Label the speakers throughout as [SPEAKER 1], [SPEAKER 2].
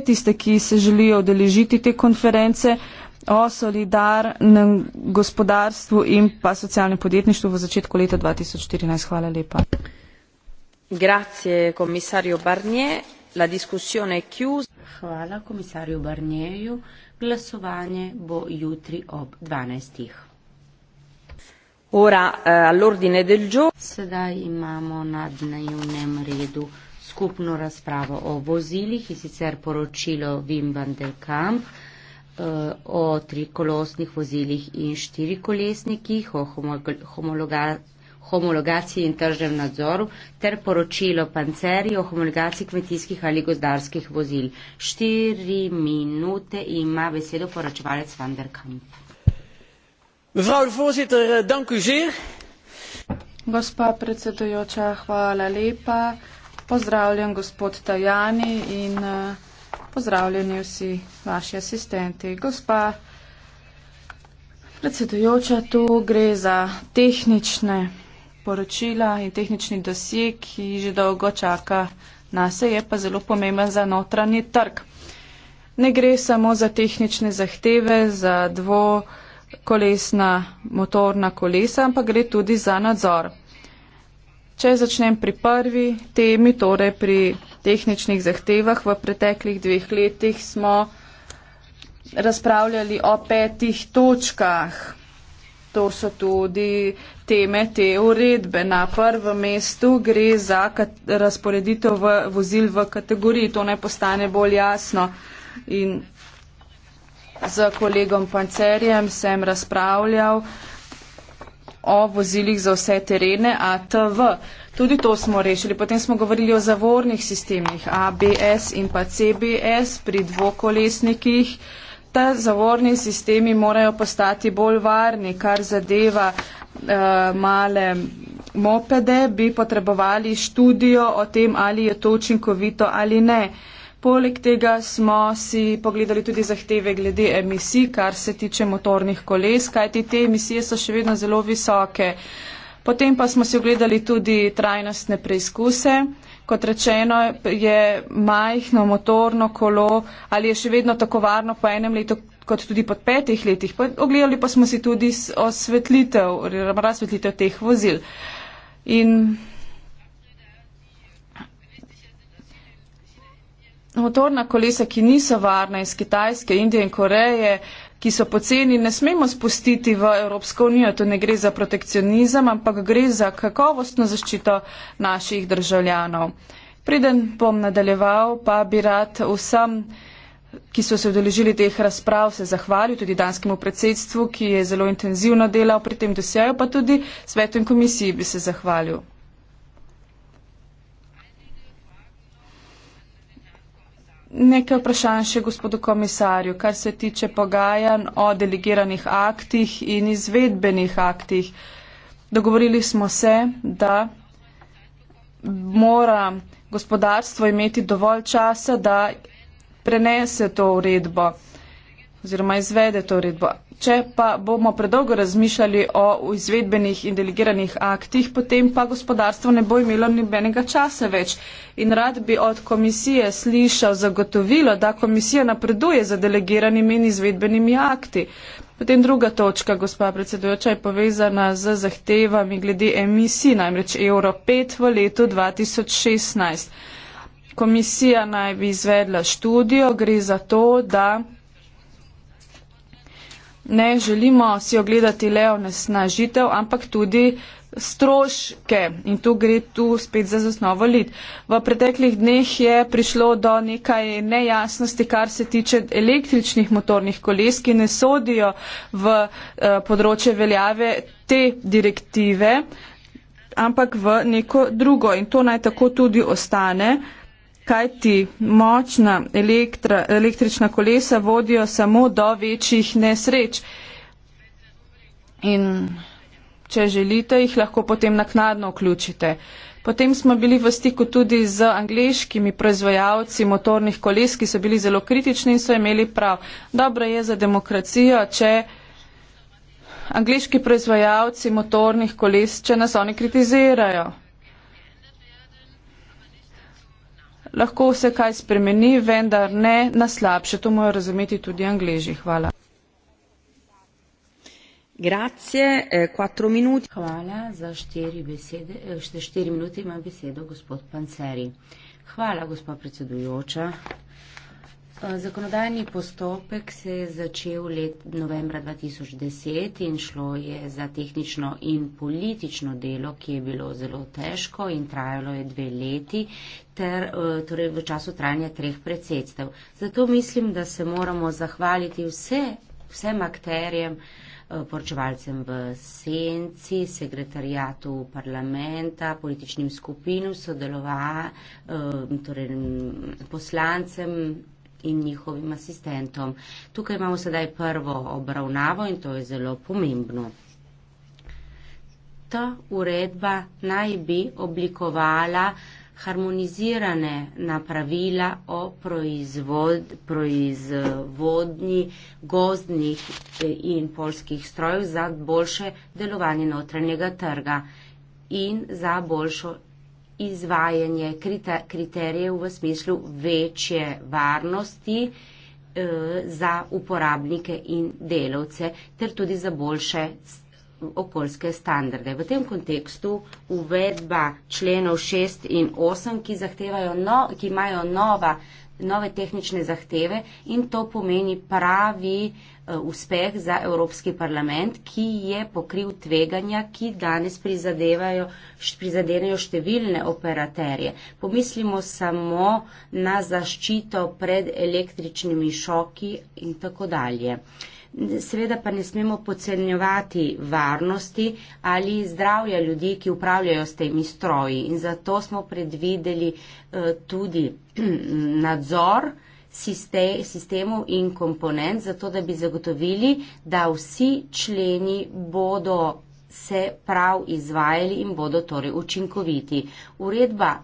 [SPEAKER 1] tiste, ki se želijo odeležiti te konference o solidarnem gospodarstvu in pa socialnem podjetništvu v začetku leta 2014. Hvala lepa.
[SPEAKER 2] Grazie, komisarju Barnier. La diskusione è chiusa. Hvala komisarju Barnieju. Glasovanje bo jutri ob 12. Ora, eh, all'ordine del giorno. Sedaj imamo na dnevnem redu skupno razpravo o vozilih in sicer poročilo Wim van der Kamp eh, o trikolosnih vozilih in štirikolesnikih, o homologa homologaciji in tržnem nadzoru ter poročilo Panceri o homologaciji kmetijskih ali gozdarskih vozil. Štiri minute ima besedo poročevalec van der Kamp.
[SPEAKER 1] Mevrouw de voorzitter, eh, dank u zeer. Gospa predsedujoča, hvala lepa. Pozdravljen gospod Tajani in eh, pozdravljeni vsi vaši asistenti. Gospa predsedujoča, tu gre za tehnične poročila in tehnični dosje, ki že dolgo čaka na se, je pa zelo pomemben za notranji trg. Ne gre samo za tehnične zahteve, za dvokolesna motorna kolesa, ampak gre tudi za nadzor. Če začnem pri prvi temi, torej pri tehničnih zahtevah, v preteklih dveh letih smo razpravljali o petih točkah. To so tudi teme te uredbe. Na prvem mestu gre za razporeditev v vozil v kategoriji. To naj postane bolj jasno. In z kolegom Pancerjem sem razpravljal o vozilih za vse terene ATV. Tudi to smo rešili. Potem smo govorili o zavornih sistemih ABS in pa CBS pri dvokolesnikih. Ta zavorni sistemi morajo postati bolj varni, kar zadeva uh, male mopede, bi potrebovali študijo o tem, ali je to učinkovito ali ne. Uh, Poleg tega smo si pogledali tudi zahteve glede emisij, kar se tiče motornih koles, kajti te emisije so še vedno zelo visoke. Potem pa smo si ogledali tudi trajnostne preizkuse. Kot rečeno, je majhno motorno kolo ali je še vedno tako varno po enem letu kot tudi po petih letih. Ogledali pa smo si tudi osvetlitev, razsvetlitev teh vozil. In motorna kolesa, ki niso varna iz Kitajske, Indije in Koreje, ki so poceni, ne smemo spustiti v Evropsko unijo. To ne gre za protekcionizem, ampak gre za kakovostno zaščito naših državljanov. Preden bom nadaljeval, pa bi rad vsem ki so se odeležili teh razprav, se zahvalil tudi danskemu predsedstvu, ki je zelo intenzivno delal pri tem dosjaju, pa tudi svetu in komisiji bi se zahvalil. Nekaj vprašanj še gospodu komisarju, kar se tiče pogajanj o delegiranih aktih in izvedbenih aktih. Dogovorili smo se, da mora gospodarstvo imeti dovolj časa, da prenese to uredbo oziroma izvede to uredbo. Če pa bomo predolgo razmišljali o izvedbenih in delegiranih aktih, potem pa gospodarstvo ne bo imelo nobenega časa več. In rad bi od komisije slišal zagotovilo, da komisija napreduje za delegiranimi in izvedbenimi akti. Potem druga točka, gospa predsedujoča, je povezana z zahtevami glede emisij, namreč Euro 5 v letu 2016. Komisija naj bi izvedla študijo, gre za to, da ne želimo si ogledati le onesnažitev, ampak tudi stroške in tu gre tu spet za zasnovo lid. V preteklih dneh je prišlo do nekaj nejasnosti, kar se tiče električnih motornih koles, ki ne sodijo v eh, področje veljave te direktive, ampak v neko drugo in to naj tako tudi ostane. Eh, kaj ti močna elektra, električna kolesa vodijo samo do večjih nesreč. In če želite, jih lahko potem naknadno vključite. Potem smo bili v stiku tudi z angliškimi proizvajalci motornih koles, ki so bili zelo kritični in so imeli prav. Dobro je za demokracijo, če angliški proizvajalci motornih koles, če nas oni kritizirajo. lahko se kaj spremeni, vendar ne na slabše. To morajo razumeti tudi angliži. Hvala.
[SPEAKER 2] Grazie, eh, quattro minuti. Hvala za štiri, besede, eh, štiri minuti ima besedo gospod Panceri. Hvala, gospod predsedujoča. Zakonodajni postopek se je začel let novembra 2010 in šlo je za tehnično in politično delo, ki je bilo zelo težko in trajalo je dve leti, ter eh, torej v času trajanja treh predsedstev. Zato mislim, da se moramo zahvaliti vse, vsem akterjem, eh, poročevalcem v senci, sekretarijatu parlamenta, političnim skupinam, sodelovanjem, eh, torej poslancem in njihovim asistentom. Tukaj imamo sedaj prvo obravnavo in to je zelo pomembno. Ta uredba naj bi oblikovala harmonizirane napravila o proizvod, proizvodnji gozdnih eh, in polskih strojev za boljše delovanje notranjega trga in za boljšo izvajanje krita, kriterijev v smislu večje varnosti e, za uporabnike in delavce, ter tudi za boljše okoljske standarde. V tem kontekstu uvedba členov 6 in 8, ki, no, ki imajo nova, nove tehnične zahteve in to pomeni pravi Eh, uspeh za Evropski parlament, ki je pokril tveganja, ki danes prizadenejo številne operaterje. Pomislimo samo na zaščito pred električnimi šoki in tako dalje. Seveda pa ne smemo podcenjevati varnosti ali zdravja ljudi, ki upravljajo s temi stroji. In zato smo predvideli eh, tudi nadzor siste, sistemov in komponent, zato da bi zagotovili, da vsi členi bodo se prav izvajali in bodo torej učinkoviti. Uredba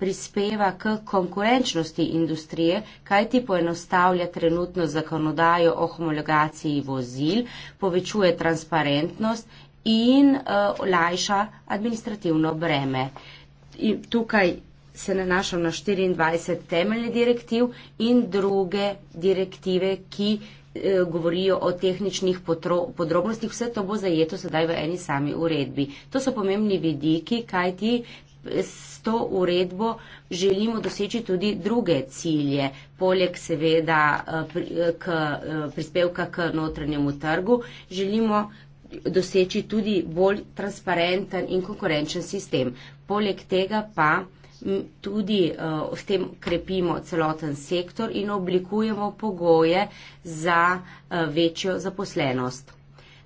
[SPEAKER 2] prispeva k konkurenčnosti industrije, kaj ti poenostavlja trenutno zakonodajo o homologaciji vozil, povečuje transparentnost in uh, eh, lajša administrativno breme. In tukaj se nanašam na 24 temeljnih direktiv in druge direktive, ki eh, govorijo o tehničnih podrobnostih. Vse to bo zajeto sedaj v eni sami uredbi. To so pomembni vidiki, kajti eh, s to uredbo želimo doseči tudi druge cilje, poleg seveda eh, k prispevka k notranjemu trgu. Želimo doseči tudi bolj transparenten in konkurenčen sistem. Poleg tega pa tudi eh, s tem krepimo celoten sektor in oblikujemo pogoje za eh, večjo zaposlenost.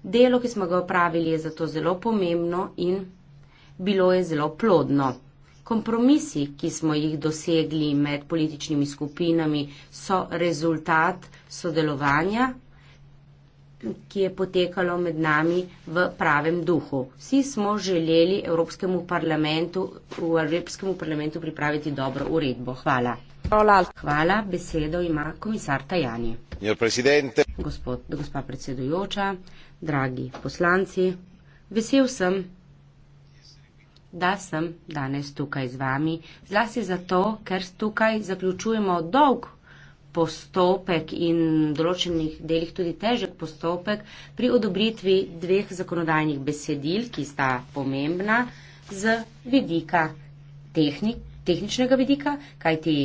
[SPEAKER 2] Delo, ki smo ga opravili, je zato zelo pomembno in bilo je zelo plodno. Kompromisi, ki smo jih dosegli med političnimi skupinami, so rezultat sodelovanja ki je potekalo med nami v pravem duhu. Vsi smo želeli Evropskemu parlamentu, v Evropskemu parlamentu pripraviti dobro uredbo. Hvala. Hvala, besedo ima komisar Tajani. Gospod, gospa predsedujoča, dragi poslanci, vesel sem, da sem danes tukaj z vami, zlasti zato, ker tukaj zaključujemo dolg postopek in v določenih delih tudi težek postopek pri odobritvi dveh zakonodajnih besedil, ki sta pomembna z vidika tehni, tehničnega vidika, kajti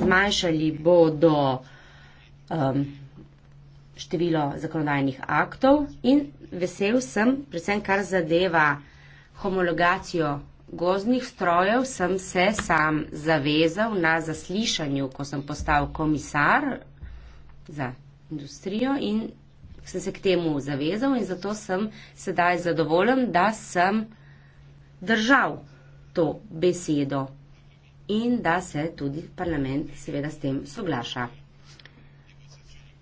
[SPEAKER 2] zmanjšali bodo um, število zakonodajnih aktov in vesel sem, predvsem kar zadeva homologacijo gozdnih strojev sem se sam zavezal na zaslišanju, ko sem postal komisar za industrijo in sem se k temu zavezal in zato sem sedaj zadovoljen, da sem držal to besedo in da se tudi parlament seveda s tem soglaša.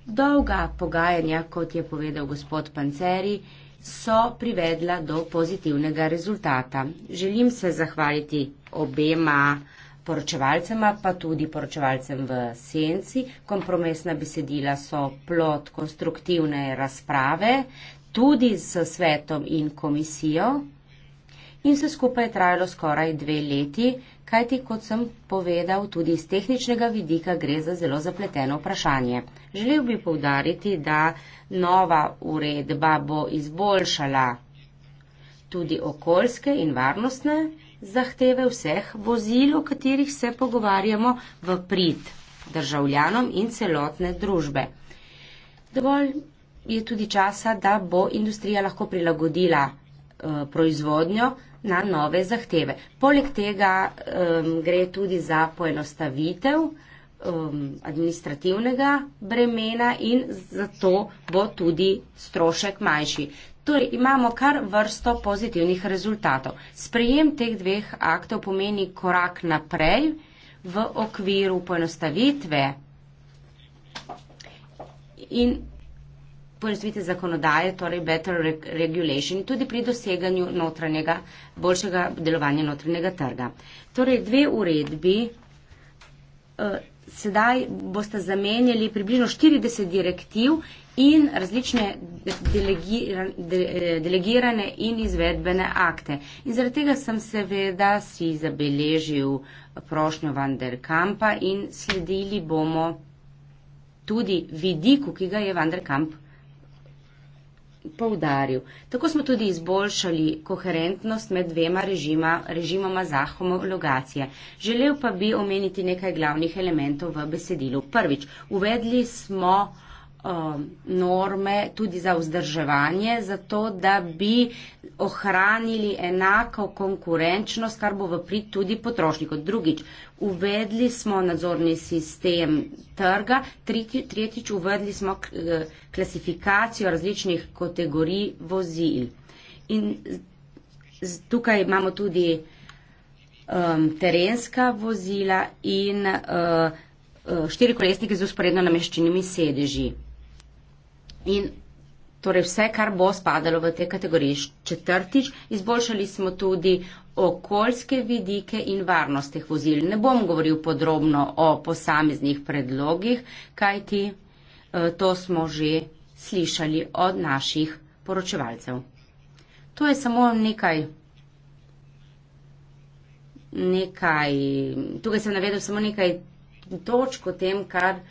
[SPEAKER 2] Dolga pogajanja, kot je povedal gospod Panceri, so privedla do pozitivnega rezultata. Želim se zahvaliti obema poročevalcema, pa tudi poročevalcem v senci. Kompromesna besedila so plot konstruktivne razprave, tudi s svetom in komisijo. In vse skupaj je trajalo skoraj dve leti, kajti kot sem povedal, tudi iz tehničnega vidika gre za zelo zapleteno vprašanje. Želel bi povdariti, da nova uredba bo izboljšala tudi okoljske in varnostne zahteve vseh vozil, o katerih se pogovarjamo v prid državljanom in celotne družbe. Dovolj je tudi časa, da bo industrija lahko prilagodila uh, proizvodnjo, na nove zahteve. Poleg tega um, gre tudi za poenostavitev um, administrativnega bremena in zato bo tudi strošek manjši. Torej imamo kar vrsto pozitivnih rezultatov. Sprejem teh dveh aktov pomeni korak naprej v okviru poenostavitve in poenostavitev zakonodaje, torej better regulation, tudi pri doseganju notranjega, boljšega delovanja notranjega trga. Torej dve uredbi eh, sedaj boste zamenjali približno 40 direktiv in različne delegirane in izvedbene akte. In zaradi tega sem seveda si zabeležil prošnjo van der Kampa in sledili bomo tudi vidiku, ki ga je van der Kamp poudaril. Tako smo tudi izboljšali koherentnost med dvema režima, režimoma za homologacije. Želel pa bi omeniti nekaj glavnih elementov v besedilu. Prvič, uvedli smo Um, norme tudi za vzdrževanje, zato da bi ohranili enako konkurenčnost, kar bo v prid tudi potrošnikov. Drugič, uvedli smo nadzorni sistem trga, tretjič, uvedli smo eh, klasifikacijo različnih kategorij vozil. In tukaj imamo tudi um, terenska vozila in uh, eh, eh, štirikolesnike z usporedno nameščenimi sedeži. In torej vse, kar bo spadalo v te kategorije. Četrtič, izboljšali smo tudi okoljske vidike in varnost teh vozil. Ne bom govoril podrobno o posameznih predlogih, kajti eh, to smo že slišali od naših poročevalcev. To je samo nekaj. Nekaj, tukaj sem navedel samo nekaj točk o tem, kar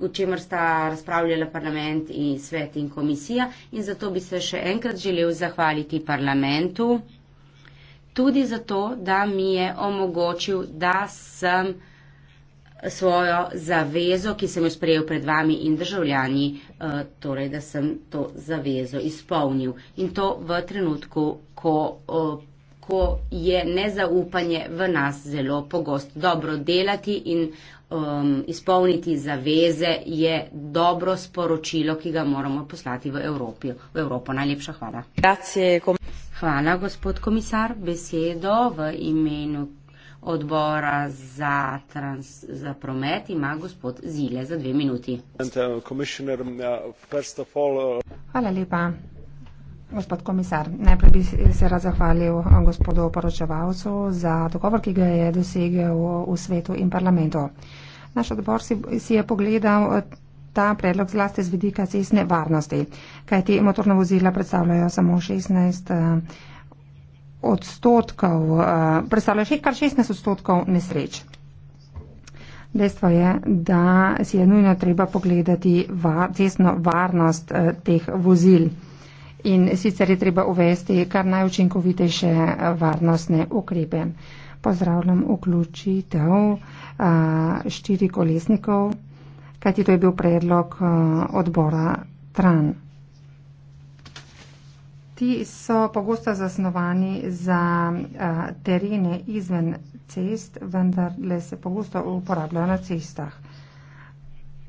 [SPEAKER 2] o čemer sta razpravljala parlament in svet in komisija. In zato bi se še enkrat želel zahvaliti parlamentu, tudi zato, da mi je omogočil, da sem svojo zavezo, ki sem jo sprejel pred vami in državljani, eh, torej, da sem to zavezo izpolnil. In to v trenutku, ko eh, kako je nezaupanje v nas zelo pogosto. Dobro delati in um, izpolniti zaveze je dobro sporočilo, ki ga moramo poslati v, Evropi, v Evropo. Najlepša hvala. Grazie, kom... Hvala, gospod komisar, besedo v imenu. Odbora za, trans, za promet ima gospod Zile za dve minuti. Uh, uh, uh,
[SPEAKER 3] hvala lepa. Gospod komisar, najprej bi se rad zahvalil eh, gospodu poročevalcu za dogovor, ki ga je dosegel v svetu in parlamentu. Naš odbor si, si je pogledal eh, ta predlog zlasti z vidika cestne varnosti, kajti motorna vozila predstavljajo samo 16 eh, odstotkov, predstavljajo še kar 16 odstotkov nesreč. Dejstvo je, da si je nujno treba pogledati va, cestno varnost teh vozil in sicer je treba uvesti kar najučinkovitejše eh, varnostne ukrepe. Pozdravljam vključitev eh, štiri kolesnikov, kajti to je bil predlog eh, odbora TRAN. Ti so pogosto zasnovani za terene izven cest, vendar le se pogosto uporabljajo na cestah.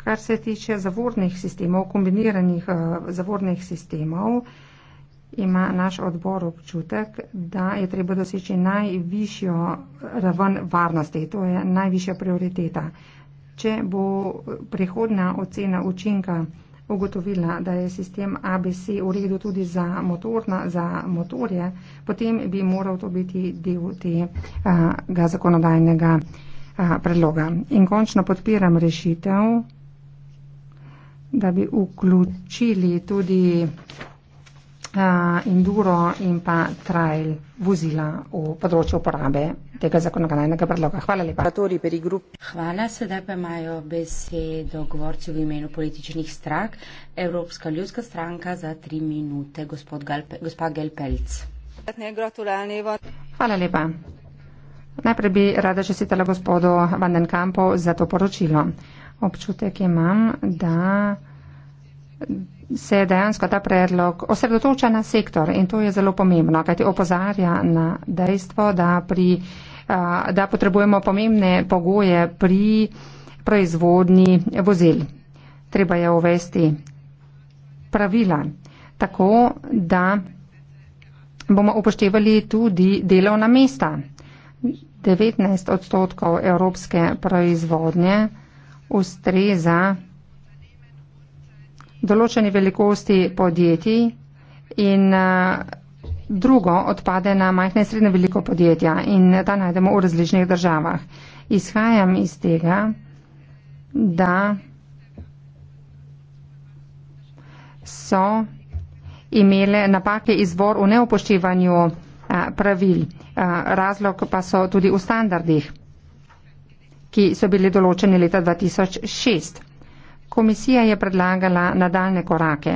[SPEAKER 3] Kar se tiče zavornih sistemov, kombiniranih eh, zavornih sistemov, ima naš odbor občutek, da je treba doseči najvišjo raven varnosti. To je najvišja prioriteta. Če bo prihodna ocena učinka ugotovila, da je sistem ABC v redu tudi za, motorna, za motorje, potem bi moral to biti del tega eh, zakonodajnega eh, predloga. In končno podpiram rešitev da bi vključili tudi uh, enduro in pa trail vozila v področju uporabe tega zakonodajnega predloga. Hvala lepa.
[SPEAKER 2] Hvala, sedaj pa imajo besedo govorci v imenu političnih strank, Evropska ljudska stranka za tri
[SPEAKER 3] minute, Galpe, gospa Gelpelc. Hvala lepa. Najprej bi rada čestitala gospodu Vandenkampu za to poročilo občutek imam, da se dejansko ta predlog osredotoča na sektor in to je zelo pomembno, kajti opozarja na dejstvo, da, pri, da potrebujemo pomembne pogoje pri proizvodni vozil. Treba je uvesti pravila tako, da bomo upoštevali tudi delovna mesta. 19 odstotkov evropske proizvodnje ustreza določeni velikosti podjetij in eh, drugo odpade na majhne in srednje veliko podjetja in ta najdemo v različnih državah. Izhajam iz tega, da so imele napake izvor v neupoštevanju eh, pravil. Eh, razlog pa so tudi v standardih ki so bili določeni leta 2006. Komisija je predlagala nadaljne korake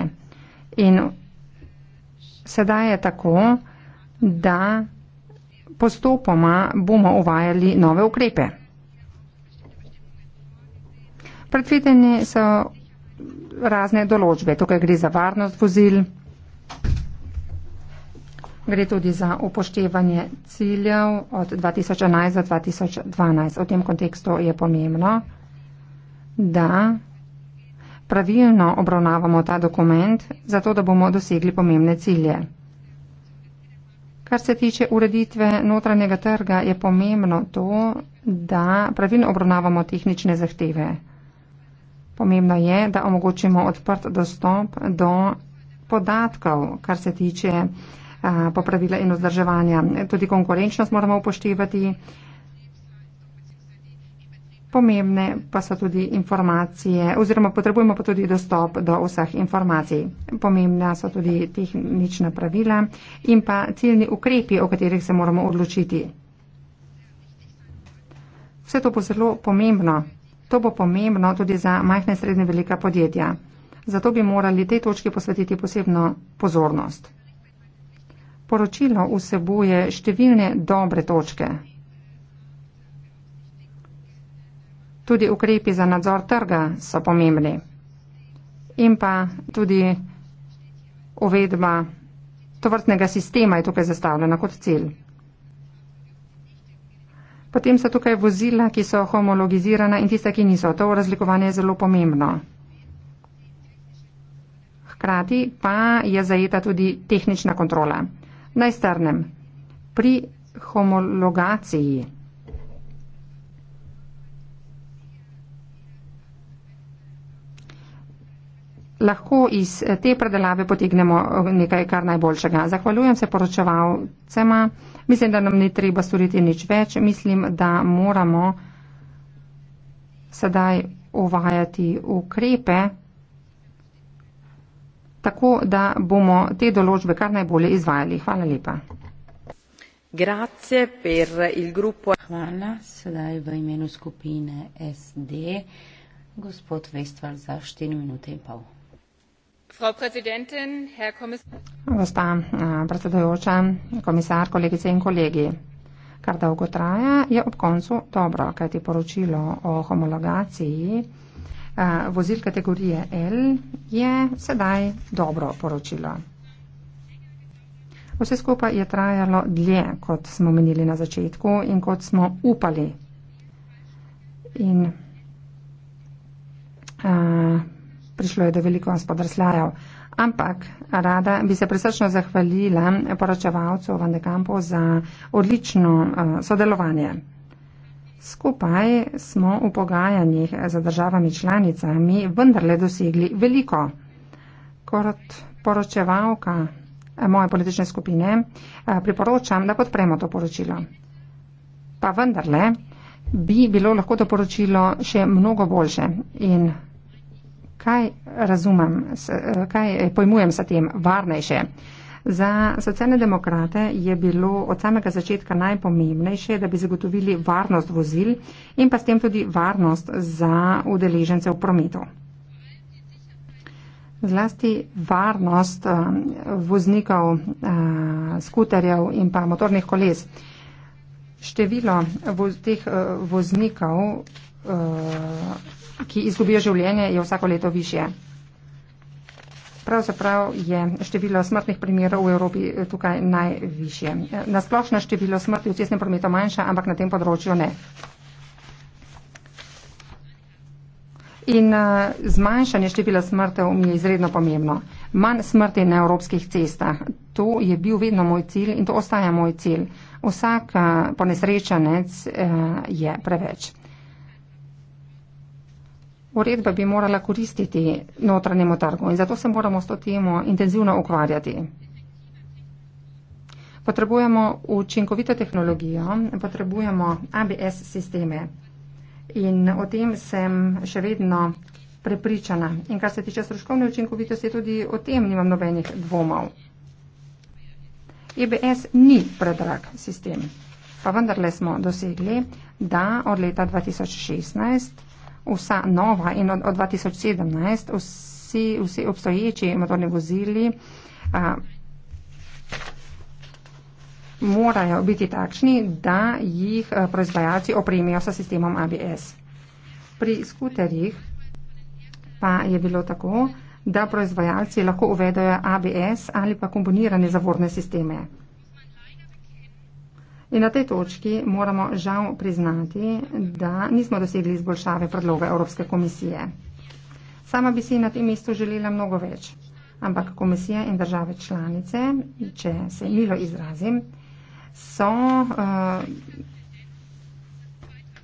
[SPEAKER 3] in sedaj je tako, da postopoma bomo uvajali nove ukrepe. Predvideni so razne določbe. Tukaj gre za varnost vozil. Gre tudi za upoštevanje ciljev od 2011 do 2012. V tem kontekstu je pomembno, da pravilno obravnavamo ta dokument, zato da bomo dosegli pomembne cilje. Kar se tiče ureditve notranjega trga, je pomembno to, da pravilno obravnavamo tehnične zahteve. Pomembno je, da omogočimo odprt dostop do podatkov, kar se tiče popravila in vzdrževanja. Tudi konkurenčnost moramo upoštevati. Pomembne pa so tudi informacije oziroma potrebujemo pa tudi dostop do vseh informacij. Pomembna so tudi tehnična pravila in pa ciljni ukrepi, o katerih se moramo odločiti. Vse to bo zelo pomembno. To bo pomembno tudi za majhne in srednje velika podjetja. Zato bi morali tej točki posvetiti posebno pozornost poročilo vsebuje številne dobre točke. Tudi ukrepi za nadzor trga so pomembni in pa tudi uvedba tovrstnega sistema je tukaj zastavljena kot cilj. Potem so tukaj vozila, ki so homologizirana in tista, ki niso. To razlikovanje je zelo pomembno. Hkrati pa je zajeta tudi tehnična kontrola. Naj strnem. Pri homologaciji lahko iz te predelave potegnemo nekaj kar najboljšega. Zahvaljujem se poročevalcema. Mislim, da nam ni treba storiti nič več. Mislim, da moramo sedaj uvajati ukrepe tako da bomo te določbe kar najbolje izvajali. Hvala lepa.
[SPEAKER 2] Hvala. Sedaj v imenu skupine SD
[SPEAKER 3] gospod Vestval za 4 minute in pol. Gospa eh, predsedujoča, komisar, kolegice in kolegi. Kar dolgo traja, je ob koncu dobro, kajti poročilo o homologaciji vozil kategorije L je sedaj dobro poročilo. Vse skupaj je trajalo dlje, kot smo menili na začetku in kot smo upali. In a, prišlo je do veliko spodrslajev. Ampak rada bi se presrčno zahvalila poročevalcu Van de Campo za odlično a, sodelovanje. Skupaj smo v pogajanjih za državami članicami vendarle dosegli veliko. Kot poročevalka eh, moje politične skupine eh, priporočam, da podpremo to poročilo. Pa vendarle bi bilo lahko to poročilo še mnogo boljše. In kaj razumem, eh, kaj pojmujem sa tem varnejše? Za socialne demokrate je bilo od samega začetka najpomembnejše, da bi zagotovili varnost vozil in pa s tem tudi varnost za udeležence v prometu. Zlasti varnost um, voznikov uh, skuterjev in pa motornih koles. Število teh uh, voznikov, uh, ki izgubijo življenje, je vsako leto više. Pravzaprav je število smrtnih primerov v Evropi eh, tukaj najvišje. Eh, Nasplošno število smrti v cestnem prometu manjša, ampak na tem področju ne. In eh, zmanjšanje števila smrtev mi je izredno pomembno. Manj smrti na evropskih cestah. To je bil vedno moj cilj in to ostaja moj cilj. Vsak ponesrečenec je preveč uredba bi morala koristiti notranjemu trgu in zato se moramo s to temo intenzivno ukvarjati. Potrebujemo učinkovito tehnologijo, potrebujemo ABS sisteme in o tem sem še vedno prepričana. In kar se tiče stroškovne učinkovitosti, tudi o tem nimam nobenih dvomov. EBS ni predrag sistem, pa vendarle smo dosegli, da od leta 2016 vsa nova in od, od 2017 vsi, vsi obstoječi motorni vozili a, morajo biti takšni, da jih a, proizvajalci opremijo s sistemom ABS. Pri skuterjih pa je bilo tako, da proizvajalci lahko uvedajo ABS ali pa kombinirane zavorne sisteme. In na tej točki moramo žal priznati, da nismo dosegli izboljšave predloga Evropske komisije. Sama bi si na tem mestu želela mnogo več, ampak komisija in države članice, če se milo izrazim, so uh,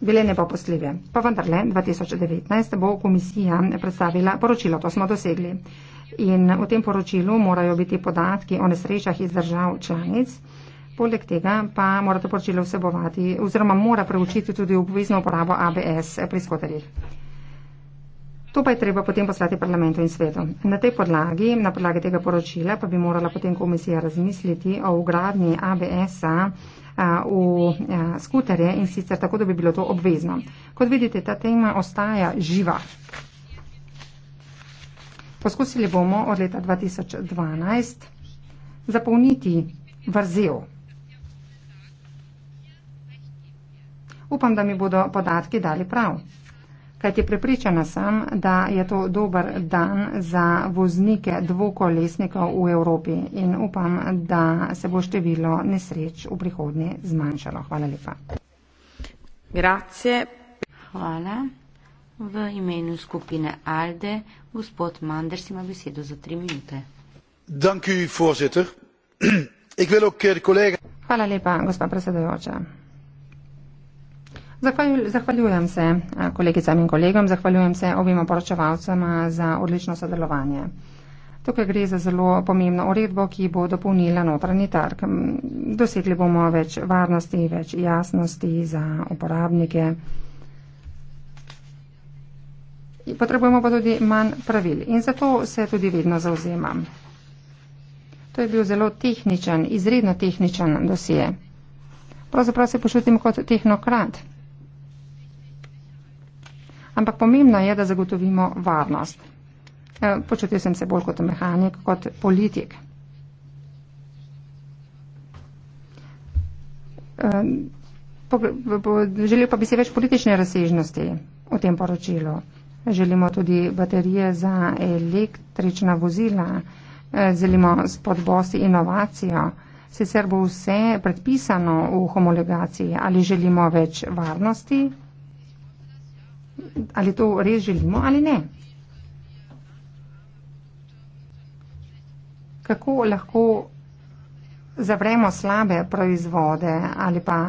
[SPEAKER 3] bile nepoposljive. Pa vendarle, 2019 bo komisija predstavila poročilo, to smo dosegli. In v tem poročilu morajo biti podatki o nesrečah iz držav članic, uh, Poleg tega pa mora to poročilo vsebovati oziroma mora preučiti tudi obvezno uporabo ABS pri skoterjih. To pa je treba potem poslati parlamentu in svetu. Na tej podlagi, na podlagi tega poročila, pa bi morala potem komisija razmisliti o ugradnji ABS-a v skuterje in sicer tako, da bi bilo to obvezno. Kot vidite, ta tema ostaja živa. Poskusili bomo od leta 2012 zapolniti vrzel. Upam, da mi bodo podatki dali prav. Kajti prepričana sem, da je to dober dan za voznike dvokolesnikov v Evropi in upam, da se bo število nesreč v prihodnje zmanjšalo. Hvala lepa.
[SPEAKER 2] Grazie. Hvala. V imenu skupine ALDE, gospod Manders ima besedo za tri minute.
[SPEAKER 4] Dank u, voorzitter. Ik wil ook de collega... Hvala
[SPEAKER 3] lepa, gospod predsedujoča. Zahvaljujem se kolegicam in kolegom, zahvaljujem se obima poročevalcema za odlično sodelovanje. Tukaj gre za zelo pomembno uredbo, ki bo dopolnila notranji trg. Dosegli bomo več varnosti, več jasnosti za uporabnike. Potrebujemo pa tudi manj pravil in zato se tudi vedno zauzemam. To je bil zelo tehničen, izredno tehničen dosje. Pravzaprav se počutim kot tehnokrat, ampak pomembno je, da zagotovimo varnost. E, počutil sem se bolj kot mehanik, kot politik. E, želel pa bi se več politične razsežnosti v tem poročilu. Želimo tudi baterije za električna vozila, e, želimo spodbosti inovacijo, sicer bo vse predpisano v homologaciji ali želimo več varnosti ali to res želimo ali ne. Kako lahko zavremo slabe proizvode ali pa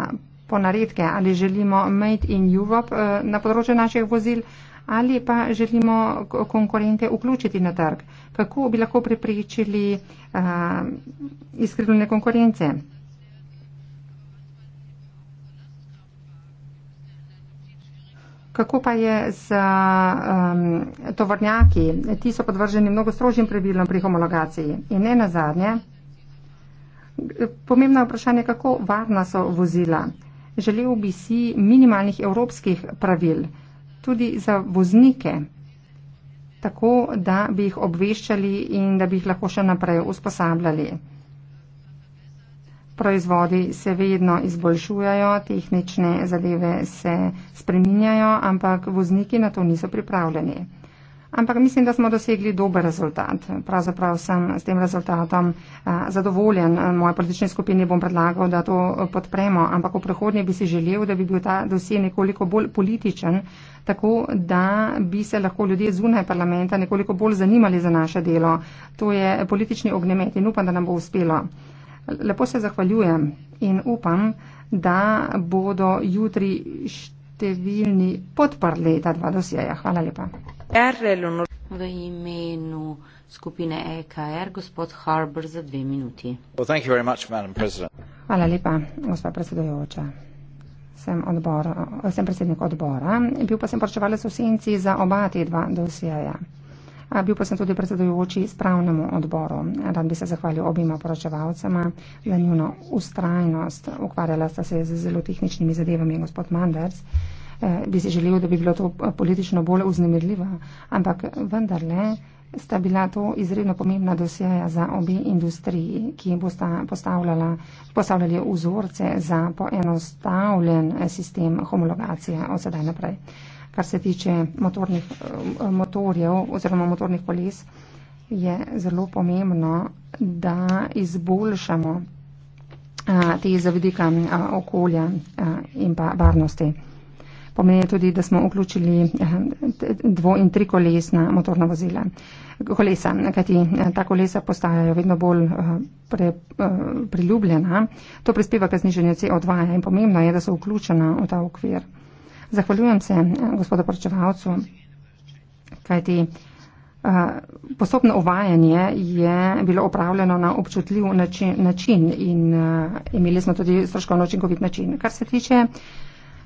[SPEAKER 3] ponaredke, ali želimo Made in Europe eh, na področju naših vozil ali pa želimo konkurente vključiti na trg. Kako bi lahko preprečili uh, eh, iskrivljene konkurence? Kako pa je z um, tovornjaki? Ti so podvrženi mnogo strožjim pravilom pri homologaciji. In ne nazadnje, pomembno je vprašanje, kako varna so vozila. Želel bi si minimalnih evropskih pravil tudi za voznike, tako da bi jih obveščali in da bi jih lahko še naprej usposabljali proizvodi se vedno izboljšujajo, tehnične zadeve se spreminjajo, ampak vozniki na to niso pripravljeni. Ampak mislim, da smo dosegli dober rezultat. Pravzaprav sem s tem rezultatom zadovoljen. Moje politične skupine bom predlagal, da to podpremo, ampak v prihodnje bi si želel, da bi bil ta dosje nekoliko bolj političen, tako da bi se lahko ljudje zunaj parlamenta nekoliko bolj zanimali za naše delo. To je politični ognjemet in upam, da nam bo uspelo. Lepo se zahvaljujem in upam, da bodo jutri številni podprli ta dva dosjeja. Hvala lepa.
[SPEAKER 2] V imenu skupine EKR, gospod Harbour za dve minuti.
[SPEAKER 4] Well, much,
[SPEAKER 3] Hvala lepa, gospa predsedojoča. Sem, odbor, sem predsednik odbora, bil pa sem poročevalec v senci za oba te dva dosjeja. Bil pa sem tudi predsedujoči spravnemu odboru. Rad bi se zahvalil obima poročevalcema za njuno ustrajnost. Ukvarjala sta se z zelo tehničnimi zadevami gospod Manders. Eh, bi si želel, da bi bilo to eh, politično bolj uznemirljivo, ampak vendarle sta bila to izredno pomembna dosjeja za obi industriji, ki bosta postavljali vzorce za poenostavljen eh, sistem homologacije od sedaj naprej kar se tiče motornih, motorjev oziroma motornih koles, je zelo pomembno, da izboljšamo a, te zavedika a, okolja a, in pa varnosti. Pomeni tudi, da smo vključili dvo- in trikolesna motorna vozila. Kolesa, kajti ta kolesa postajajo vedno bolj pre, priljubljena. To prispeva k znižanju CO2 in pomembno je, da so vključena v ta okvir. Zahvaljujem se eh, gospodu poročevalcu, kajti eh, postopno uvajanje je bilo opravljeno na občutljiv način, način in eh, imeli smo tudi stroškovno učinkovit način. Kar se tiče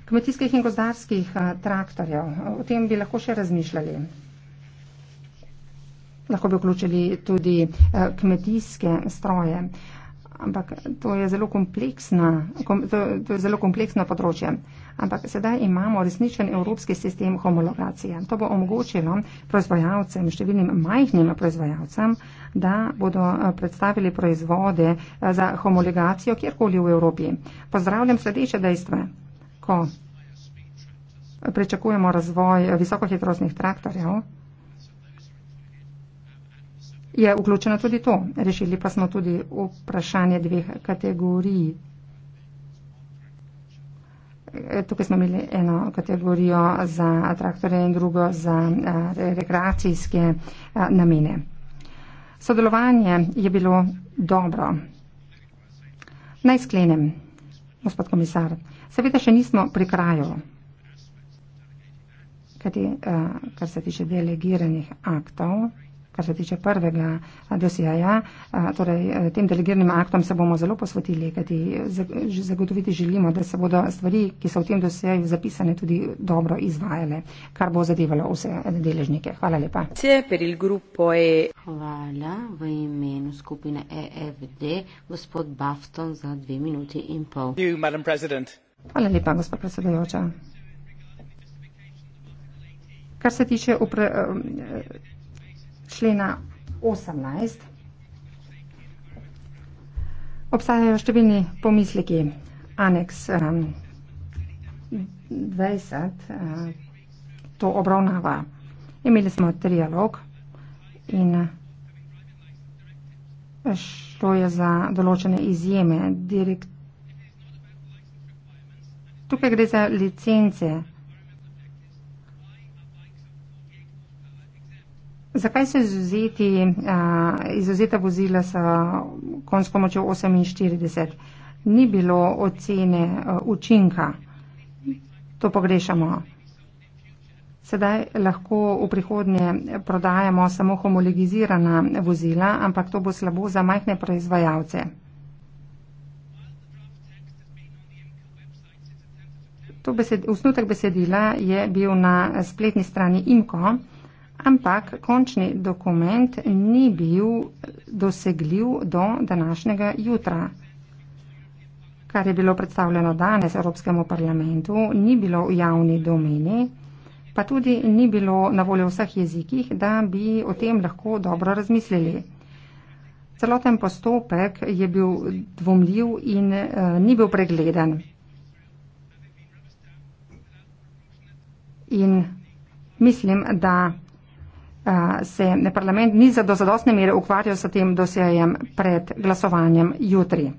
[SPEAKER 3] kmetijskih in gozdarskih traktorjev, o tem bi lahko še razmišljali. Lahko bi vključili tudi kmetijske stroje, ampak to je zelo kompleksno, to je zelo kompleksno področje ampak sedaj imamo resničen evropski sistem homologacije. To bo omogočilo proizvajalcem, številnim majhnim proizvajalcem, da bodo eh, predstavili proizvode eh, za homologacijo kjerkoli v Evropi. Pozdravljam sledeče dejstva. Ko pričakujemo razvoj eh, visokohitrostnih traktorjev, je vključeno tudi to. Rešili pa smo tudi vprašanje dveh kategorij Eh, tukaj smo imeli eno kategorijo za traktore in drugo za eh, rekreacijske eh, namene. Sodelovanje je bilo dobro. Naj sklenem, gospod komisar, seveda še nismo pri kraju, kar se tiče delegiranih aktov, kar se tiče prvega dosjaja. Torej, e, tem delegiranim aktom se bomo zelo posvetili, kajti zagotoviti želimo, da se bodo stvari, ki so v tem dosjaju zapisane, tudi dobro izvajale, kar bo zadevalo vse deležnike. Hvala lepa.
[SPEAKER 2] E. Hvala v imenu skupine EFD, gospod Bafton, za dve minuti in pol. You,
[SPEAKER 3] Hvala lepa, gospod predsedujoča. Kar se tiče upre, uh, člena 18. Obstajajo številni pomisleki. Aneks um, 20 uh, to obravnava. Imeli smo trialog in uh, što je za določene izjeme. Direkt... Tukaj gre za licence. Zakaj so izuzeti, uh, izuzeta vozila s konjsko močjo 48? Ni bilo ocene uh, učinka. To pogrešamo. Sedaj lahko v prihodnje prodajamo samo homologizirana vozila, ampak to bo slabo za majhne proizvajalce. To besed, osnutek besedila je bil na spletni strani IMCO ampak končni dokument ni bil dosegljiv do današnjega jutra. Kar je bilo predstavljeno danes Evropskemu parlamentu, ni bilo v javni domeni, pa tudi ni bilo na voljo vseh jezikih, da bi o tem lahko dobro razmislili. Celoten postopek je bil dvomljiv in uh, ni bil pregleden. In mislim, da Eh, se parlament ni do zadostne mere ukvarjal s tem dosjejem pred glasovanjem jutri.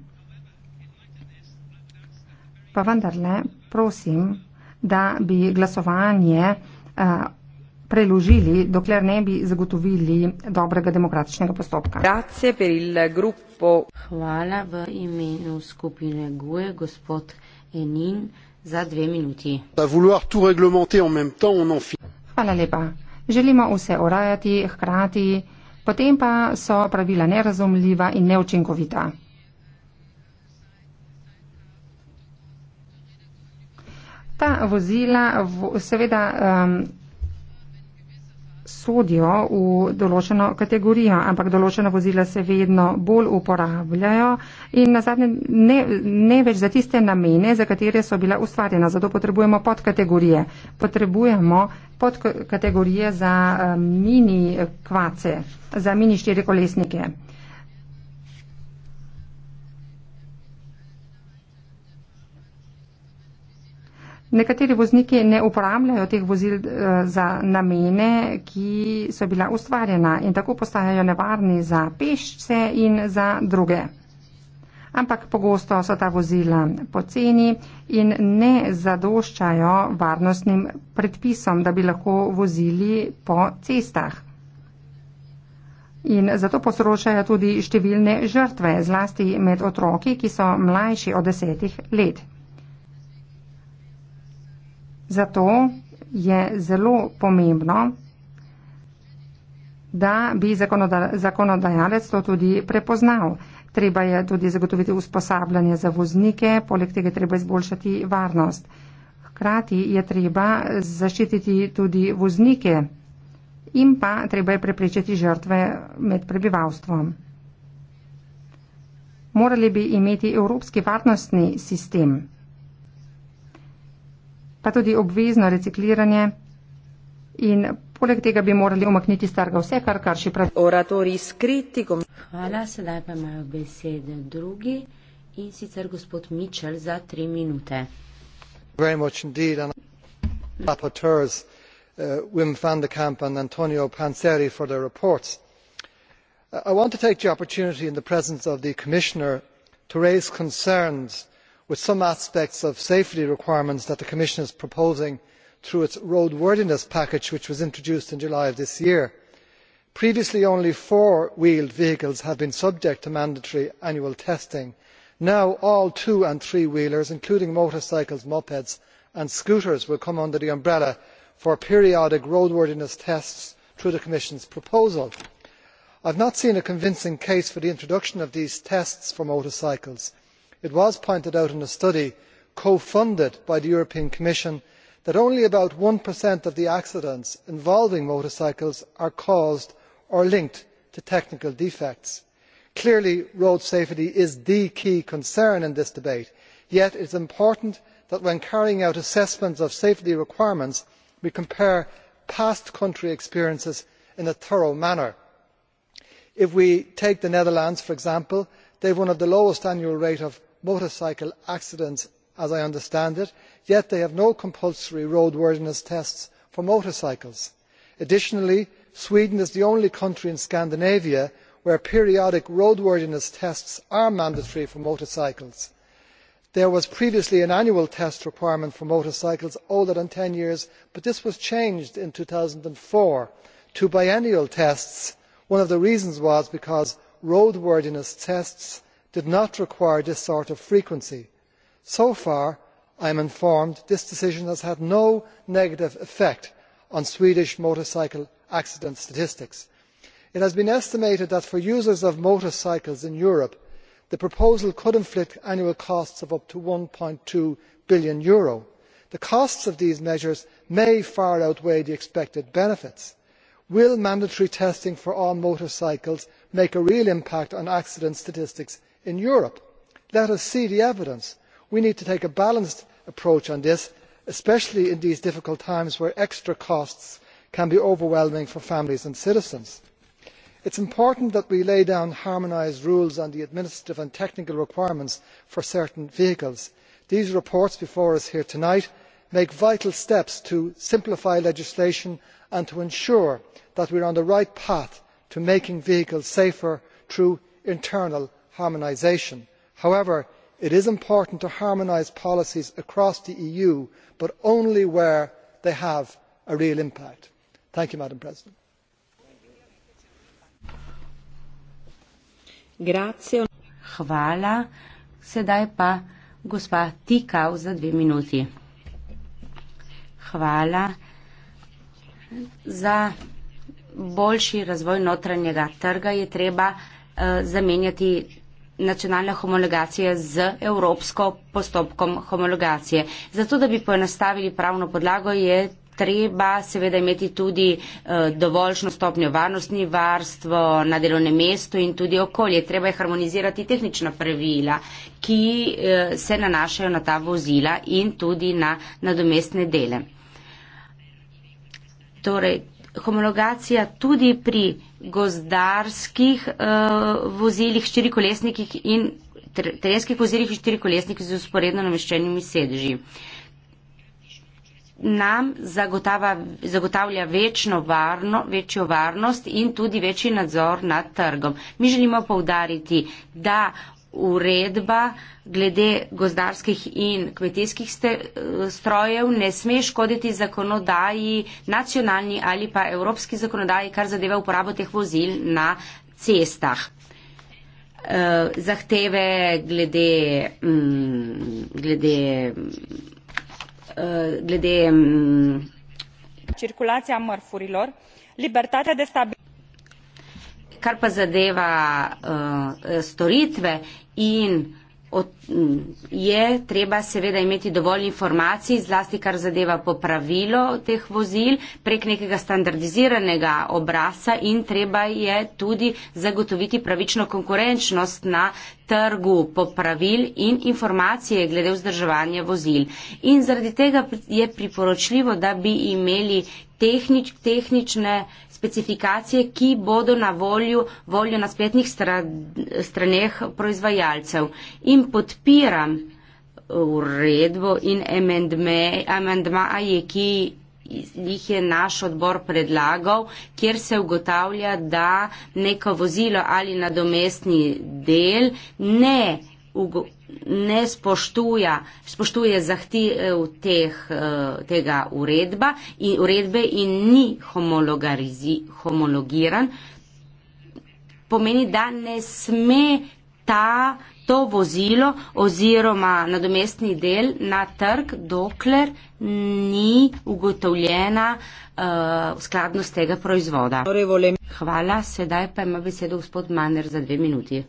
[SPEAKER 3] Pa vendarle, prosim, da bi glasovanje eh, preložili, dokler ne bi zagotovili dobrega demokratičnega postopka.
[SPEAKER 2] Hvala v imenu skupine GUE, gospod Enin, za dve minuti.
[SPEAKER 4] Hvala
[SPEAKER 3] lepa želimo vse orajati hkrati, potem pa so pravila nerazumljiva in neučinkovita. Ta vozila v, seveda um, sodijo v določeno kategorijo, ampak določena vozila se vedno bolj uporabljajo in na zadnje ne, ne več za tiste namene, za katere so bila ustvarjena. Zato potrebujemo podkategorije. Potrebujemo podkategorije za eh, mini kvace, za mini štirikolesnike. Nekateri vozniki ne uporabljajo teh vozil eh, za namene, ki so bila ustvarjena in tako postajajo nevarni za pešce in za druge. Ampak pogosto so ta vozila poceni in ne zadoščajo varnostnim predpisom, da bi lahko vozili po cestah. In zato posrošajo tudi številne žrtve, zlasti med otroki, ki so mlajši od desetih let. Zato je zelo pomembno, da bi zakonodajalec to tudi prepoznal. Treba je tudi zagotoviti usposabljanje za voznike, poleg tega je treba izboljšati varnost. Hkrati je treba zaščititi tudi voznike in pa treba je preprečiti žrtve med prebivalstvom. Morali bi imeti evropski varnostni sistem pa tudi obvezno recikliranje. In poleg tega bi morali omakniti starga vse, kar kar še pravi. Oratori s kritikom. Hvala, sedaj pa imajo
[SPEAKER 4] besede drugi in sicer gospod Mičel za tri minute. Uh, Wim van de Kamp and Antonio Panseri for their reports. Uh, I want to take the opportunity in the presence of the Commissioner to raise concerns uh, with some aspects of safety requirements that the commission is proposing through its roadworthiness package which was introduced in july of this year. previously only four wheeled vehicles had been subject to mandatory annual testing. now all two and three wheelers including motorcycles mopeds and scooters will come under the umbrella for periodic roadworthiness tests through the commission's proposal. i have not seen a convincing case for the introduction of these tests for motorcycles it was pointed out in a study co funded by the european commission that only about one of the accidents involving motorcycles are caused or linked to technical defects. clearly road safety is the key concern in this debate yet it is important that when carrying out assessments of safety requirements we compare past country experiences in a thorough manner. if we take the netherlands for example they have one of the lowest annual rates motorcycle accidents as i understand it yet they have no compulsory roadworthiness tests for motorcycles. additionally sweden is the only country in scandinavia where periodic roadworthiness tests are mandatory for motorcycles. there was previously an annual test requirement for motorcycles older than ten years but this was changed in two thousand and four to biennial tests. one of the reasons was because roadworthiness tests did not require this sort of frequency. so far i am informed this decision has had no negative effect on swedish motorcycle accident statistics. it has been estimated that for users of motorcycles in europe the proposal could inflict annual costs of up to eur. one two billion. the costs of these measures may far outweigh the expected benefits. will mandatory testing for all motorcycles make a real impact on accident statistics in europe. let us see the evidence. we need to take a balanced approach on this especially in these difficult times where extra costs can be overwhelming for families and citizens. it is important that we lay down harmonised rules on the administrative and technical requirements for certain vehicles. these reports before us here tonight make vital steps to simplify legislation and to ensure that we are on the right path to making vehicles safer through internal harmonisation. however it is important to harmonise policies across the eu but only where they have a real impact. madam president
[SPEAKER 2] za boljši razvoj notranjega trga je treba eh, zamenjati nacionalna homologacija z evropsko postopkom homologacije. Zato, da bi poenostavili pravno podlago, je treba seveda imeti tudi eh, dovoljšno stopnjo varnostni varstvo na delovnem mestu in tudi okolje. Treba je harmonizirati tehnična pravila, ki eh, se nanašajo na ta vozila in tudi na nadomestne dele. Torej, homologacija tudi pri gozdarskih uh, vozilih, štirikolesnikih in terenskih vozilih in štirikolesnikih z usporedno nameščenimi sedeži. Nam zagotavlja večno varno, večjo varnost in tudi večji nadzor nad trgom. Mi želimo povdariti, da uredba glede gozdarskih in kmetijskih eh, strojev ne sme škoditi zakonodaji nacionalni ali pa evropski zakonodaji, kar zadeva uporabo teh vozil na cestah. Eh, zahteve glede, mm, glede, eh, glede mm,
[SPEAKER 3] cirkulacija mrfurilor, libertate de stabilnosti.
[SPEAKER 2] Kar pa zadeva uh, storitve in od, je treba seveda imeti dovolj informacij, zlasti kar zadeva popravilo teh vozil prek nekega standardiziranega obrasa in treba je tudi zagotoviti pravično konkurenčnost na trgu popravil in informacije glede vzdrževanja vozil. In zaradi tega je priporočljivo, da bi imeli tehnič, tehnične specifikacije, ki bodo na voljo, voljo na spletnih straneh proizvajalcev. In podpiram uredbo in amendmaje, amendma, e, ki jih je naš odbor predlagal, kjer se ugotavlja, da neko vozilo ali nadomestni del ne, ne spoštuje, spoštuje zahtev teh, tega uredba in uredbe in ni homologiran. Pomeni, da ne sme ta to vozilo oziroma nadomestni del na trg, dokler ni ugotovljena uh, skladnost tega proizvoda. Torej, hvala, sedaj pa ima besedo gospod Maner za dve minuti.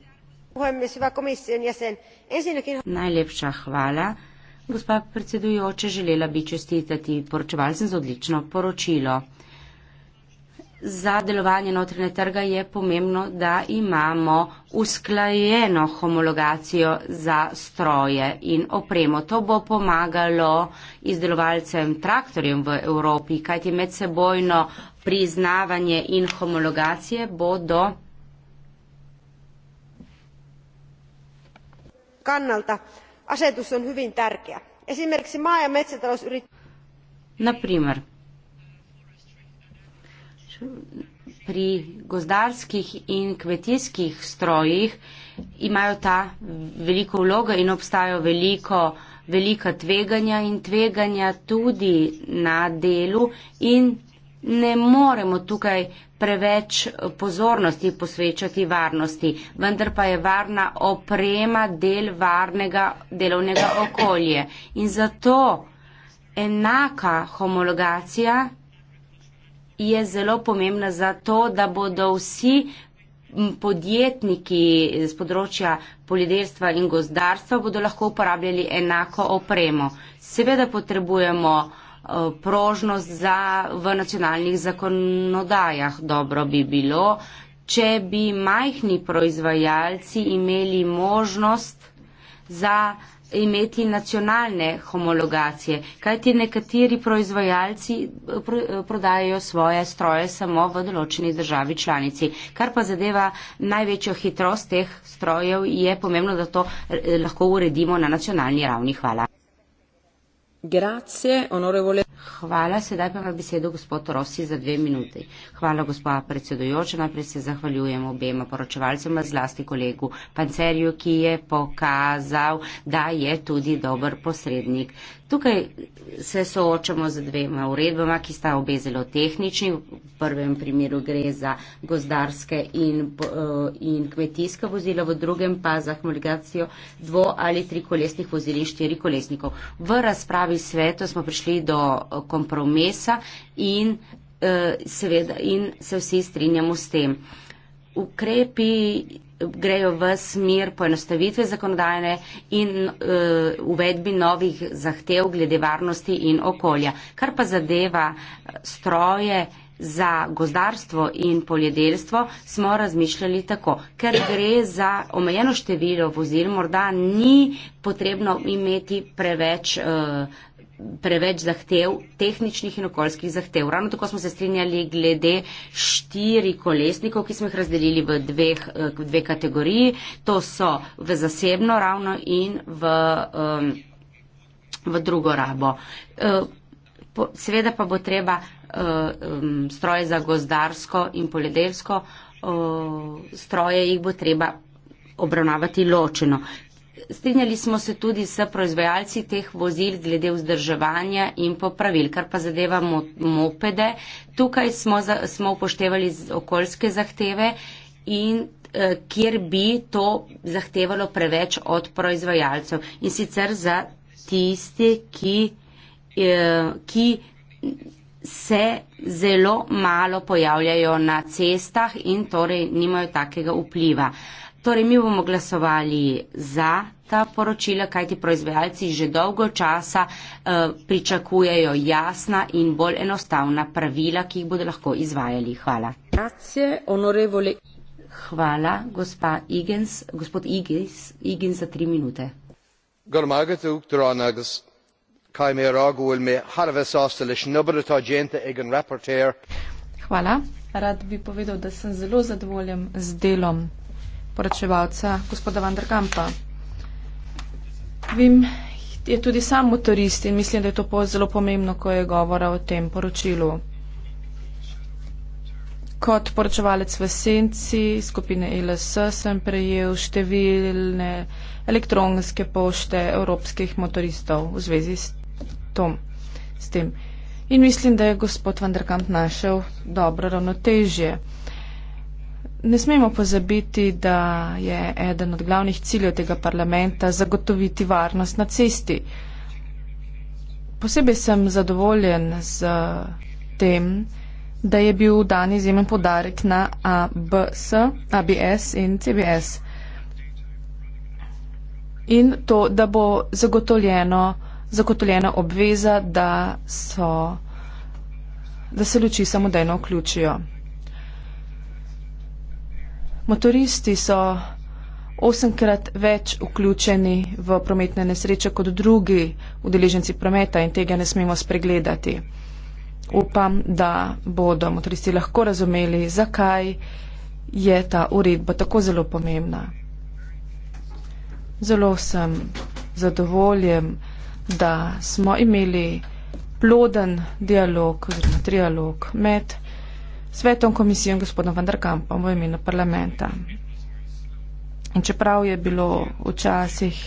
[SPEAKER 2] Najlepša hvala. Gospa predsedujoče, želela bi čestitati poročevalcem za odlično poročilo za delovanje notranje trga je pomembno, da imamo usklajeno homologacijo za stroje in opremo. To bo pomagalo izdelovalcem traktorjem v Evropi, kajti medsebojno priznavanje in homologacije bodo. kannalta. Asetus on hyvin tärkeä. Esimerkiksi maa- ja metsätalousyrit... Naprimer, pri gozdarskih in kmetijskih strojih imajo ta veliko vlogo in obstajajo veliko, velika tveganja in tveganja tudi na delu in ne moremo tukaj preveč pozornosti posvečati varnosti, vendar pa je varna oprema del varnega delovnega okolja. In zato enaka homologacija je zelo pomembna za to, da bodo vsi podjetniki z področja poljedelstva in gozdarstva bodo lahko uporabljali enako opremo. Seveda potrebujemo eh, prožnost za, v nacionalnih zakonodajah. Dobro bi bilo, če bi majhni proizvajalci imeli možnost za imeti nacionalne homologacije, kajti nekateri proizvajalci eh, eh, prodajajo svoje stroje samo v določeni državi članici. Kar pa zadeva največjo hitrost teh strojev, je pomembno, da to eh, lahko uredimo na nacionalni ravni. Hvala. Hvala, sedaj pa besedo gospod Rossi za dve minuti. Hvala, gospod predsedujoča. Najprej se zahvaljujem obema poročevalcema, zlasti kolegu Pancerju, ki je pokazal, da je tudi dober posrednik. Tukaj se soočamo z dvema uredbama, ki sta obe zelo tehnični. V prvem primeru gre za gozdarske in, eh, in kmetijska vozila, v drugem pa za homologacijo dvo ali trikolesnih vozil in štirikolesnikov. V razpravi Državnem svetu smo prišli do eh, kompromisa in, eh, seveda, in se vsi strinjamo s tem. Ukrepi grejo v smer poenostavitve zakonodajne in uh, uvedbi novih zahtev glede varnosti in okolja. Kar pa zadeva eh, stroje, uh, za gozdarstvo in poljedelstvo smo razmišljali tako, ker gre za omejeno število vozil, morda ni potrebno imeti preveč. Uh, preveč zahtev, tehničnih in okoljskih zahtev. Ravno tako smo se strinjali glede štiri kolesnikov, ki smo jih razdelili v dveh, eh, dve kategoriji. To so v zasebno ravno in v, um, v drugo rabo. Uh, po, seveda pa bo treba Eh, stroje za gozdarsko in poljedelsko, eh, stroje jih bo treba obravnavati ločeno. Strinjali smo se tudi s proizvajalci teh vozil glede vzdrževanja in popravil, kar pa zadeva mopede. Tukaj smo, za, smo upoštevali okoljske zahteve in eh, kjer bi to zahtevalo preveč od proizvajalcev. In sicer za tisti, ki, eh, ki se zelo malo pojavljajo na cestah in torej nimajo takega vpliva. Torej, mi bomo glasovali za ta poročila, kajti proizvajalci že dolgo časa eh, pričakujejo jasna in bolj enostavna pravila, ki jih bodo lahko izvajali. Hvala. Grazie, Hvala, gospa Igens, gospod Igens, Igens za tri minute.
[SPEAKER 4] Gormagete, uktronags kaj mé a ragúil mé harve sásta leis nobar atá dénta ag an rapportéir.
[SPEAKER 2] Hvala. Rad
[SPEAKER 1] bi povedal, da sem zelo zadovoljen z delom poročevalca gospoda Van der Kampa. Vim, je tudi sam motorist in mislim, da je to zelo pomembno, ko je govora o tem poročilu. Kot poročevalec v senci skupine ILS sem prejel številne elektronske pošte evropskih motoristov v zvezi s tom, s tem. In mislim, da je gospod Vandergant našel dobro ravnotežje. Ne smemo pozabiti, da je eden od glavnih ciljev tega parlamenta zagotoviti varnost na cesti. Posebej sem zadovoljen z tem, da je bil dan izjemen podarek na ABS, ABS in CBS. In to, da bo zagotovljeno zagotovljena obveza, da, so, da se luči samodejno vključijo. Motoristi so osemkrat več vključeni v prometne nesreče kot drugi udeleženci prometa in tega ne smemo spregledati. Upam, da bodo motoristi lahko razumeli, zakaj je ta uredba tako zelo pomembna. Zelo sem zadovoljen da smo imeli ploden dialog oziroma trialog med svetom komisijo in gospodom Vandarkampom v imenu parlamenta. In čeprav je bilo včasih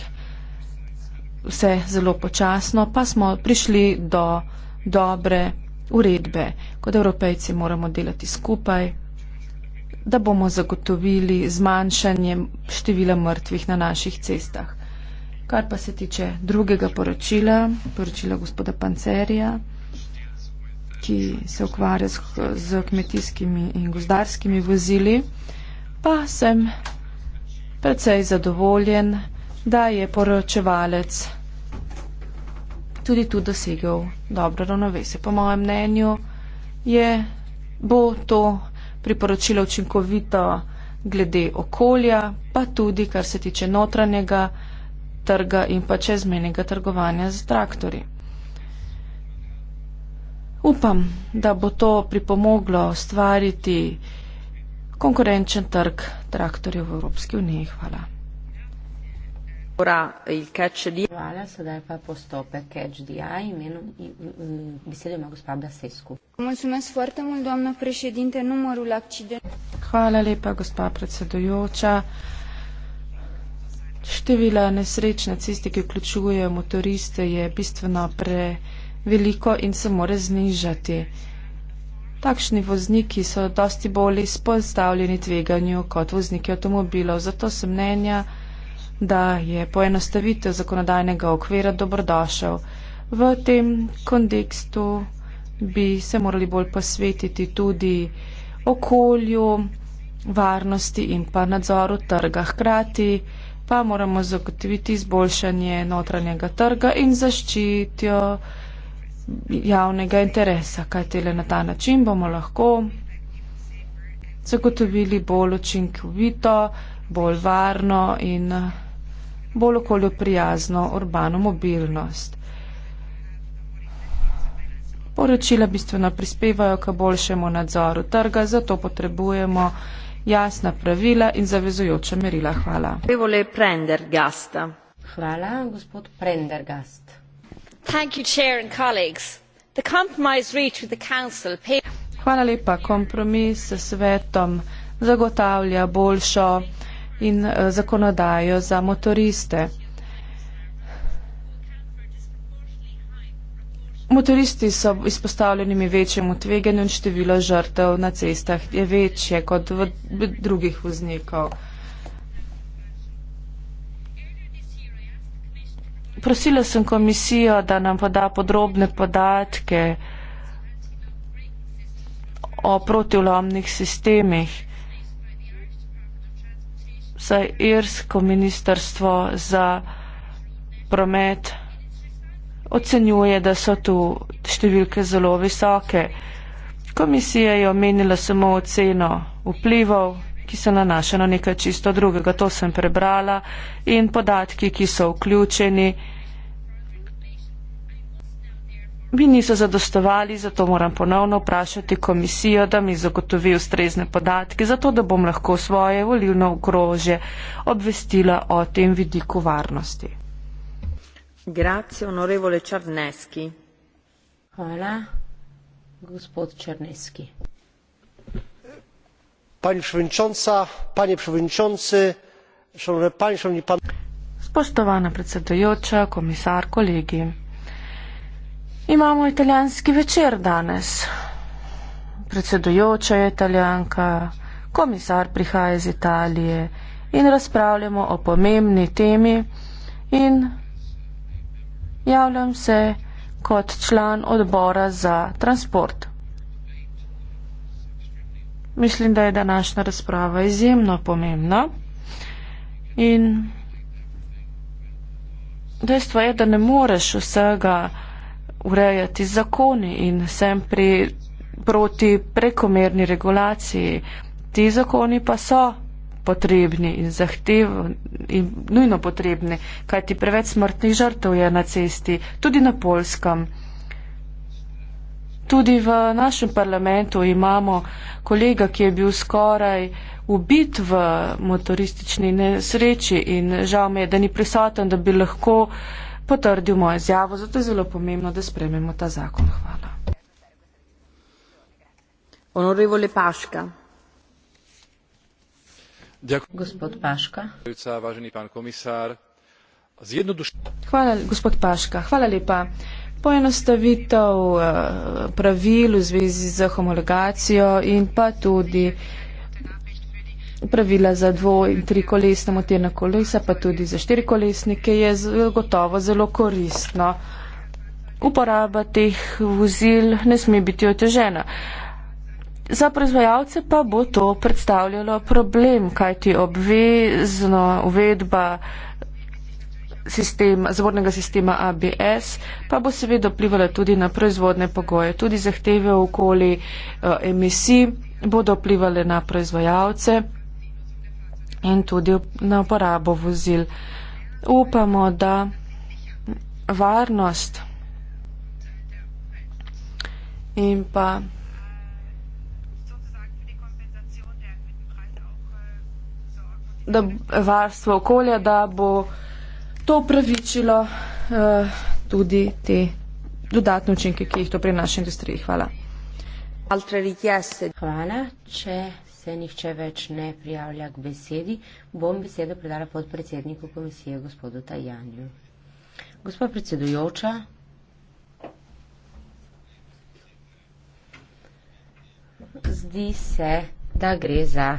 [SPEAKER 1] vse zelo počasno, pa smo prišli do dobre uredbe. Kot evropejci moramo delati skupaj, da bomo zagotovili zmanjšanje števila mrtvih na naših cestah. Kar pa se tiče drugega poročila, poročila gospoda Pancerija, ki se ukvarja z, z kmetijskimi in gozdarskimi vozili, pa sem predvsej zadovoljen, da je poročevalec tudi tu dosegel dobro ravnovesje. Po mojem mnenju je, bo to priporočilo učinkovito glede okolja, pa tudi kar se tiče notranjega trga in pa čezmenjega trgovanja z traktori. Upam, da bo to pripomoglo stvariti konkurenčen trg traktorjev v Evropski uniji. Hvala.
[SPEAKER 2] Hvala, sedaj pa postopek CatchDI. Besedo ima gospa Basescu.
[SPEAKER 1] Hvala lepa, gospa predsedujoča. Števila nesreč na cesti, ki vključuje motoriste, je bistveno preveliko in se more znižati. Takšni vozniki so dosti bolj izpostavljeni tveganju kot vozniki avtomobilov, zato sem mnenja, da je poenostavitev zakonodajnega okvira dobrodošel. V tem kontekstu bi se morali bolj posvetiti tudi okolju, varnosti in pa nadzoru trga. Hkrati pa moramo zagotoviti izboljšanje notranjega trga in zaščitjo javnega interesa, kajte le na ta način bomo lahko zagotovili bolj učinkovito, bolj varno in bolj okolju prijazno urbano mobilnost. Poročila bistveno prispevajo k boljšemu nadzoru trga, zato potrebujemo jasna pravila in zavezujoča merila. Hvala.
[SPEAKER 2] Hvala, gospod Prendergast. Hvala lepa.
[SPEAKER 1] Kompromis s svetom zagotavlja boljšo in eh, zakonodajo za motoriste. Motoristi so izpostavljenimi večjemu tveganju in število žrtev na cestah je večje kot v drugih voznikov. Prosila sem komisijo, da nam poda podrobne podatke o protivlomnih sistemih. Saj irsko ministrstvo za promet ocenjuje, da so tu številke zelo visoke. Komisija je omenila samo oceno vplivov, ki se nanaša na nekaj čisto drugega. To sem prebrala in podatki, ki so vključeni, mi niso zadostovali, zato moram ponovno vprašati komisijo, da mi zagotovi ustrezne podatke, zato da bom lahko svoje volivno okrožje obvestila o tem vidiku varnosti
[SPEAKER 4] pani przewodnicząca panie przewodniczący szanowne panie szanowni panowie!
[SPEAKER 1] spoštovana predsedujoča komisar kolegi imamo italijanski večer danes predsedujoča je italijanka komisar prihaja iz italije in razpravljamo o pomembni temi in Javljam se kot član odbora za transport. Mislim, da je današnja razprava izjemno pomembna in dejstvo je, da ne moreš vsega urejati zakoni in sem pri, proti prekomerni regulaciji. Ti zakoni pa so potrebni in zahtevni in nujno potrebni, kajti preveč smrtnih žrtev je na cesti, tudi na polskem. Tudi v našem parlamentu imamo kolega, ki je bil skoraj ubit v motoristični nesreči in žal me je, da ni prisoten, da bi lahko potrdil mojo izjavo. Zato je zelo pomembno, da sprememo
[SPEAKER 3] ta zakon. Hvala. Honorevole Paška.
[SPEAKER 1] Hvala lepa. Poenostavitev eh, pravil v zvezi z homologacijo in pa tudi pravila za dvo- in trikolesne motirna kolesa, pa tudi za štirikolesnike je gotovo zelo koristno. Uporaba teh vozil ne sme biti otežena. Za proizvajalce pa bo to predstavljalo problem, kajti obvezno uvedba sistema, zavodnega sistema ABS pa bo seveda vplivala tudi na proizvodne pogoje. Tudi zahteve okoli eh, emisij bodo vplivali na proizvajalce in tudi na uporabo vozil. Upamo, da varnost in pa da varstvo okolja, da bo to upravičilo uh, tudi te dodatne učinke, ki jih to prinaša industriji. Hvala.
[SPEAKER 2] Hvala. Če se nihče več ne prijavlja k besedi, bom besedo predala podpredsedniku komisije, gospodu Tajanju. Gospod predsedujoča. Zdi se, da gre za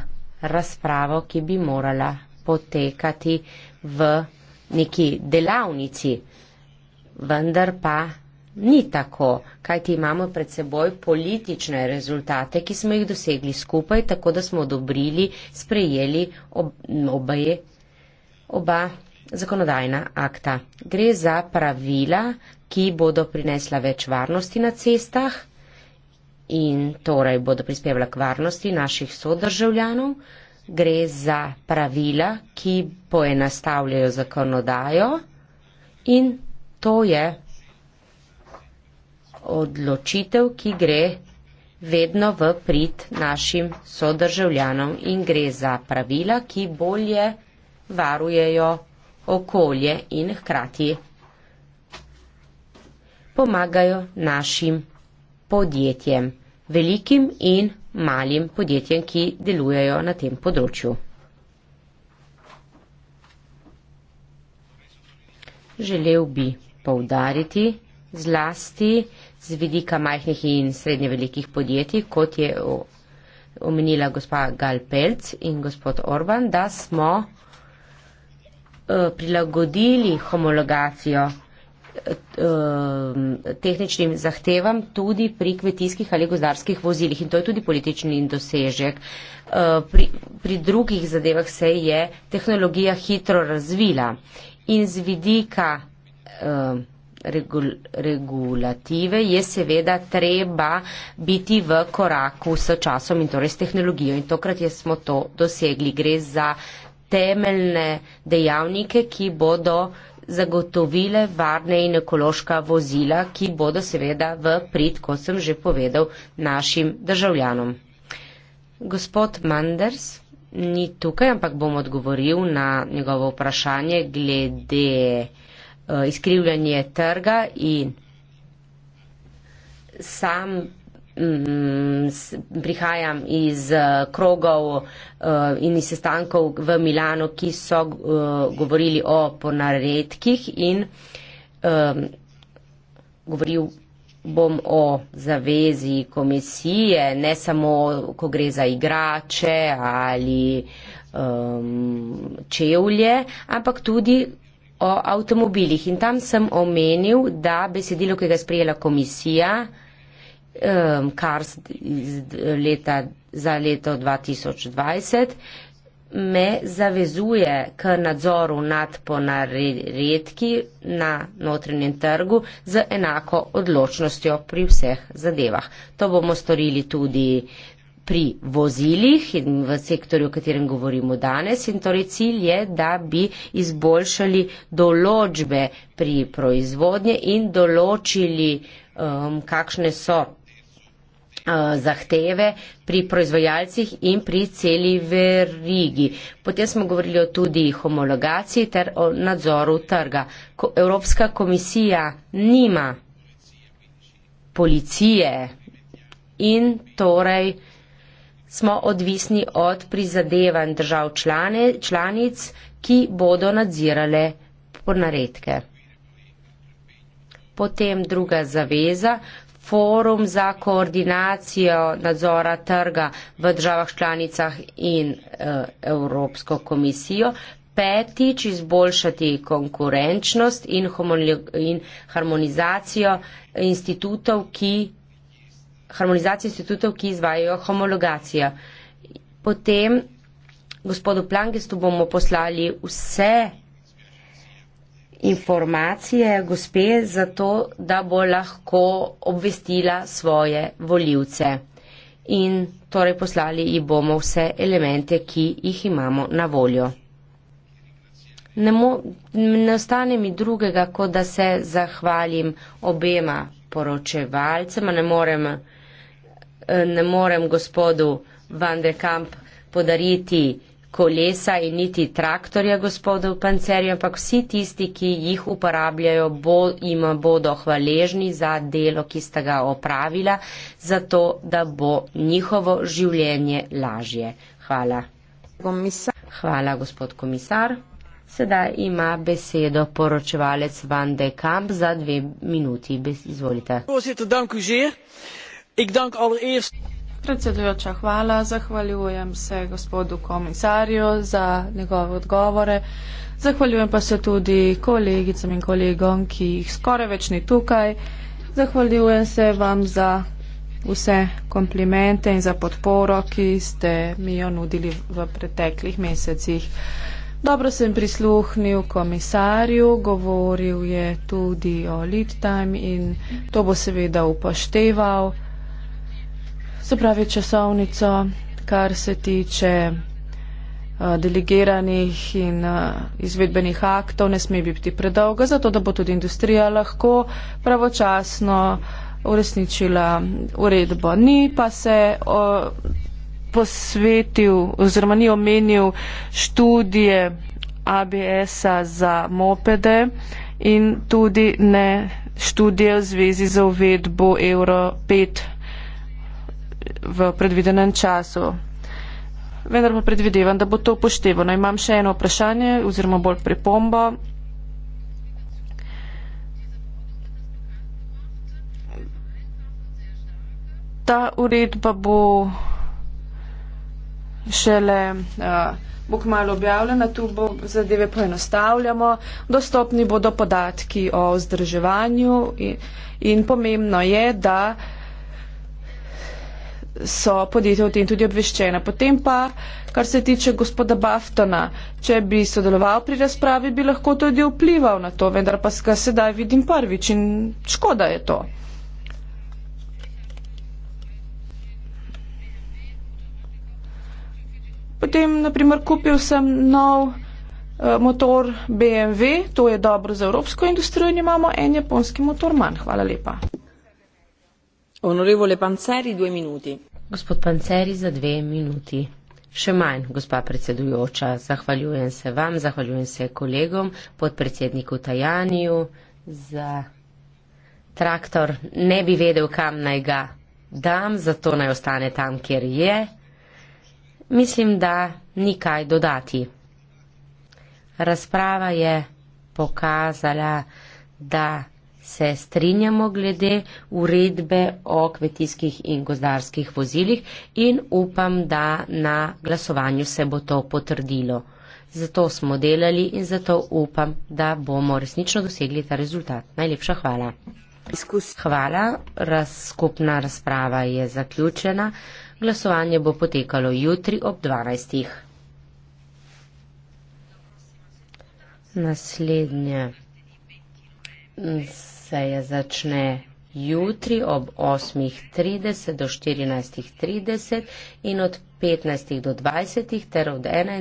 [SPEAKER 2] razpravo, ki bi morala potekati v neki delavnici. Vendar pa ni tako, kajti imamo pred seboj politične rezultate, ki smo jih dosegli skupaj, tako da smo odobrili, sprejeli obaje, oba zakonodajna akta. Gre za pravila, ki bodo prinesla več varnosti na cestah, in torej bodo prispevala k varnosti naših sodržavljanov. Gre za pravila, ki poenostavljajo zakonodajo in to je odločitev, ki gre vedno v prid našim sodržavljanom in gre za pravila, ki bolje varujejo okolje in hkrati pomagajo našim podjetjem velikim in malim podjetjem, ki delujejo na tem področju. Želel bi povdariti zlasti z vidika majhnih in srednje velikih podjetij, kot je omenila gospa Galpelc in gospod Orban, da smo eh, prilagodili homologacijo Eh, tehničnim zahtevam tudi pri kmetijskih ali gozdarskih vozilih in to je tudi politični dosežek. Eh, pri, pri drugih zadevah se je tehnologija hitro razvila in z vidika eh, regul, regulative je seveda treba biti v koraku s časom in torej s tehnologijo in tokrat je smo to dosegli. Gre za temeljne dejavnike, ki bodo uh, zagotovile varne in ekološka vozila, ki bodo seveda v prid, kot sem že povedal, našim državljanom. Gospod Manders ni tukaj, ampak bom odgovoril na njegovo vprašanje glede uh, izkrivljanje trga in sam Mm, prihajam iz eh, krogov eh, in iz sestankov v Milano, ki so eh, govorili o ponaredkih in govoril bom o zavezi komisije, ne samo, ko gre za igrače ali ehm, čevlje, ampak tudi o avtomobilih. In tam sem omenil, da besedilo, ki ga je sprejela komisija, Ehm, KARS leta, za leto 2020 me zavezuje k nadzoru nad ponaredki na notranjem trgu z enako odločnostjo pri vseh zadevah. To bomo storili tudi pri vozilih in v sektorju, o katerem govorimo danes. In torej cilj je, da bi izboljšali določbe pri proizvodnje in določili, um, kakšne so Eh, zahteve pri proizvajalcih in pri celi verigi. Potem smo govorili o tudi homologaciji ter o nadzoru trga. Ko Evropska komisija nima policije in torej smo odvisni od prizadevanj držav člane, članic, ki bodo nadzirale ponaredke. Potem druga zaveza Forum za koordinacijo nadzora trga v državah članicah in eh, Evropsko komisijo. Petič, izboljšati konkurenčnost in, in harmonizacijo institutov, ki harmonizacijo institutov, ki izvajajo homologacijo. Potem gospodu Plangestu bomo poslali vse informacije gospe za to, da bo lahko obvestila svoje voljivce. In torej poslali ji bomo vse elemente, ki jih imamo na voljo. Ne, mo, ne ostane mi drugega, kot da se zahvalim obema poročevalcema. Ne morem, eh, ne morem gospodu Van der Kamp podariti kolesa in niti traktorja gospodov pancerjev, ampak vsi tisti, ki jih uporabljajo, bo, jim bodo hvaležni za delo, ki sta ga opravila, zato da bo njihovo življenje lažje. Hvala. Komisar. Hvala, gospod komisar. Sedaj ima besedo poročevalec Van de Kamp za dve minuti. Izvolite.
[SPEAKER 1] Voorzitter, dank u zeer. Ik dank allereerst... Predsedujoča, hvala. Zahvaljujem se gospodu komisarju za njegove odgovore. Zahvaljujem pa se tudi kolegicam in kolegom, ki jih skoraj več ni tukaj. Zahvaljujem se vam za vse komplimente in za podporo, ki ste mi jo nudili v preteklih mesecih. Dobro sem prisluhnil komisarju, govoril je tudi o lead time in to bo seveda upošteval se pravi časovnico, kar se tiče eh, delegiranih in eh, izvedbenih aktov, ne sme biti predolga, zato da bo tudi industrija lahko pravočasno uresničila uredbo. Ni pa se posvetil oziroma ni omenil študije ABS-a za mopede in tudi ne študije v zvezi za uvedbo Euro 5 v predvidenem času. Vendar pa predvidevam, da bo to upoštevano. No, imam še eno vprašanje oziroma bolj pripombo. Ta uredba bo šele. Uh, bo kmalo objavljena, tu bo zadeve poenostavljamo, dostopni bodo podatki o vzdrževanju in, in pomembno je, da uh, so podjetja o tem tudi obveščena. Potem pa, kar se tiče gospoda Baftona, če bi sodeloval pri razpravi, bi lahko tudi vplival na to, vendar pa ga sedaj vidim prvič in škoda je to. Potem, naprimer, kupil sem nov eh, motor BMW, to je dobro za evropsko industrijo in imamo en japonski motor manj. Hvala lepa.
[SPEAKER 3] Onorevole Panzeri, due minuti.
[SPEAKER 2] Gospod Panceri, za dve minuti. Še manj, gospa predsedujoča, zahvaljujem se vam, zahvaljujem se kolegom, podpredsedniku Tajaniju za traktor. Ne bi vedel, kam naj ga dam, zato naj ostane tam, kjer je. Mislim, da ni kaj dodati. Razprava je pokazala, da se strinjamo glede uredbe o kmetijskih in gozdarskih vozilih in upam, da na glasovanju se bo to potrdilo. Zato smo delali in zato upam, da bomo resnično dosegli ta rezultat. Najlepša hvala. Hvala, Raz, skupna razprava je zaključena. Glasovanje bo potekalo jutri ob 12. Naslednje. S Seja začne jutri ob 8.30 do 14.30 in od 15.00 do 20.00 ter od 21.00.